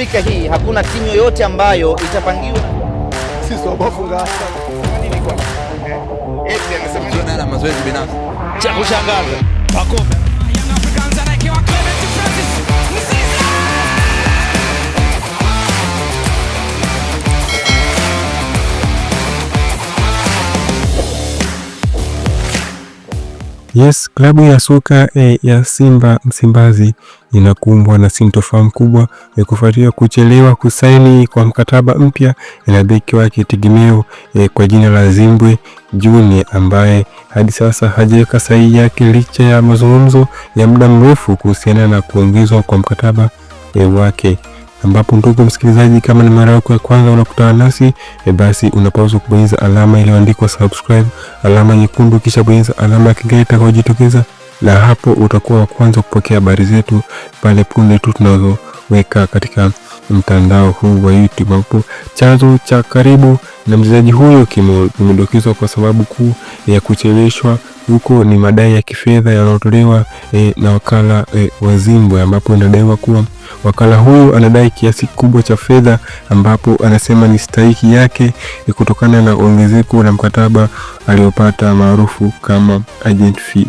Afrika hii hakuna timu yoyote ambayo itapangiwa. Sisi mazoezi binafsi cha kushangaza. Yes, klabu ya soka eh, ya Simba Msimbazi inakumbwa na sintofahamu kubwa ya kufuatia kuchelewa kusaini kwa mkataba mpya na beki wake tegemeo eh, kwa jina la Zimbwe Junior ambaye hadi sasa hajaweka sahihi yake licha ya mazungumzo ya muda mrefu kuhusiana na kuongezwa kwa mkataba eh, wake ambapo ndugu msikilizaji, kama ni mara yako ya kwanza unakutana nasi e, basi unapaswa kubonyeza alama iliyoandikwa subscribe, alama nyekundu, kisha bonyeza alama ya kengele itakayojitokeza, na hapo utakuwa wa kwanza kupokea habari zetu pale punde tu tunazoweka katika mtandao huu wa YouTube, ambapo chanzo cha karibu na mchezaji huyo kimedokezwa kwa sababu kuu ya kucheleshwa huko ni madai ya kifedha yanayotolewa e, na wakala e, wa zimbwe ambapo inadaiwa kuwa wakala huyu anadai kiasi kikubwa cha fedha, ambapo anasema ni stahiki yake e, kutokana na ongezeko la mkataba aliyopata maarufu kama agent fee,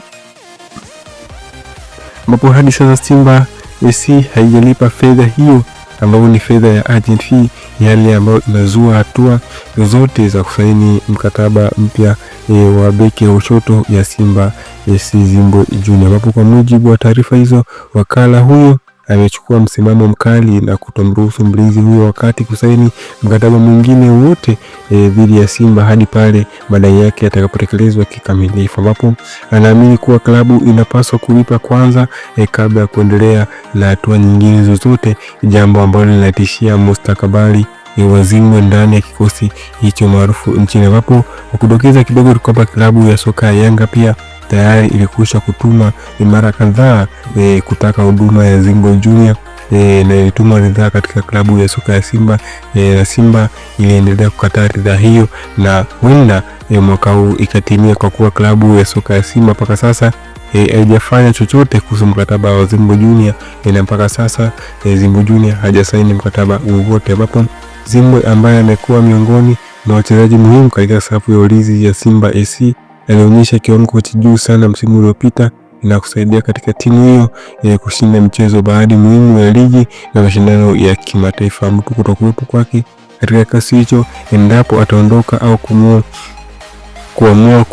ambapo hadi sasa Simba SC haijalipa fedha hiyo ambayo ni fedha ya agent fee, yale ambayo inazua hatua zote za kusaini mkataba mpya e, wa beki ya ushoto ya Simba e, SC Zimbo Junior, ambapo kwa mujibu wa taarifa hizo wakala huyo amechukua msimamo mkali na kutomruhusu mlinzi huyo wakati kusaini mkataba mwingine wote e, dhidi e, ya Simba hadi pale madai yake yatakapotekelezwa kikamilifu, ambapo anaamini kuwa klabu inapaswa kulipa kwanza e, kabla ya kuendelea na hatua nyingine zozote, jambo ambalo linatishia mustakabali ya wazimu ndani ya kikosi hicho maarufu nchini, ambapo wakudokeza kidogo kwamba klabu ya soka ya Yanga pia tayari ilikusha kutuma mara kadhaa e, kutaka huduma ya Zimbo Junior e, na ilituma ridhaa katika klabu ya soka ya Simba e, na Simba iliendelea kukataa ridhaa hiyo, na huenda e, mwaka huu ikatimia, kwa kuwa klabu ya soka ya Simba mpaka sasa e, haijafanya e, chochote kuhusu mkataba wa Zimbo Junior e, na mpaka sasa e, Zimbo Junior hajasaini mkataba wowote ambapo Zimbwe ambaye amekuwa miongoni mwa wachezaji muhimu katika safu ya ulinzi ya Simba AC alionyesha kiwango cha juu sana msimu uliopita na kusaidia katika timu hiyo ya kushinda mchezo baadhi muhimu ya ligi na mashindano ya kimataifa. Mtu kutokuwepo kwake katika kasi hicho, endapo ataondoka au kumua, kuamua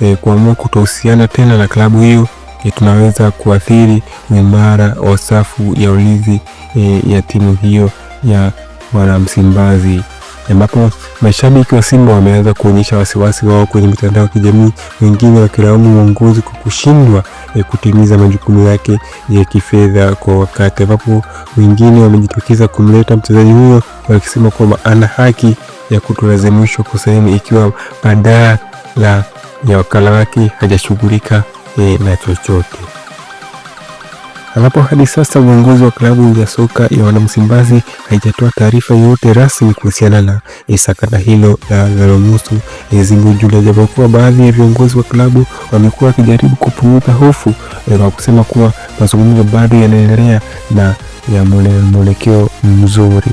eh, kuamua kutohusiana tena na klabu hiyo e, tunaweza kuathiri uimara wa safu ya ulinzi e, ya timu hiyo ya Wanamsimbazi, ambapo mashabiki wa Simba wameanza kuonyesha wasiwasi wao kwenye mitandao ya kijamii, wengine wakilaumu uongozi kwa kushindwa ya eh, kutimiza majukumu yake ya kifedha kwa wakati, ambapo wengine wamejitokeza kumleta mchezaji huyo wakisema kwamba ana haki ya kutolazimishwa kusaini ikiwa badala ya wakala wake hajashughulika e, na chochote ambapo hadi sasa uongozi wa klabu ya soka ya wanamsimbazi haijatoa taarifa yoyote rasmi kuhusiana na sakata hilo la linalomuhusu Zimbu Jula, japokuwa baadhi ya viongozi wa klabu wamekuwa wakijaribu kupunguza hofu kwa kusema kuwa mazungumzo bado yanaendelea na ya mwelekeo mzuri.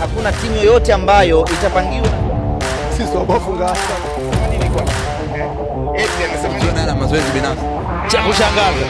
Hakuna timu yoyote ambayo itapangiwa cha kushangaza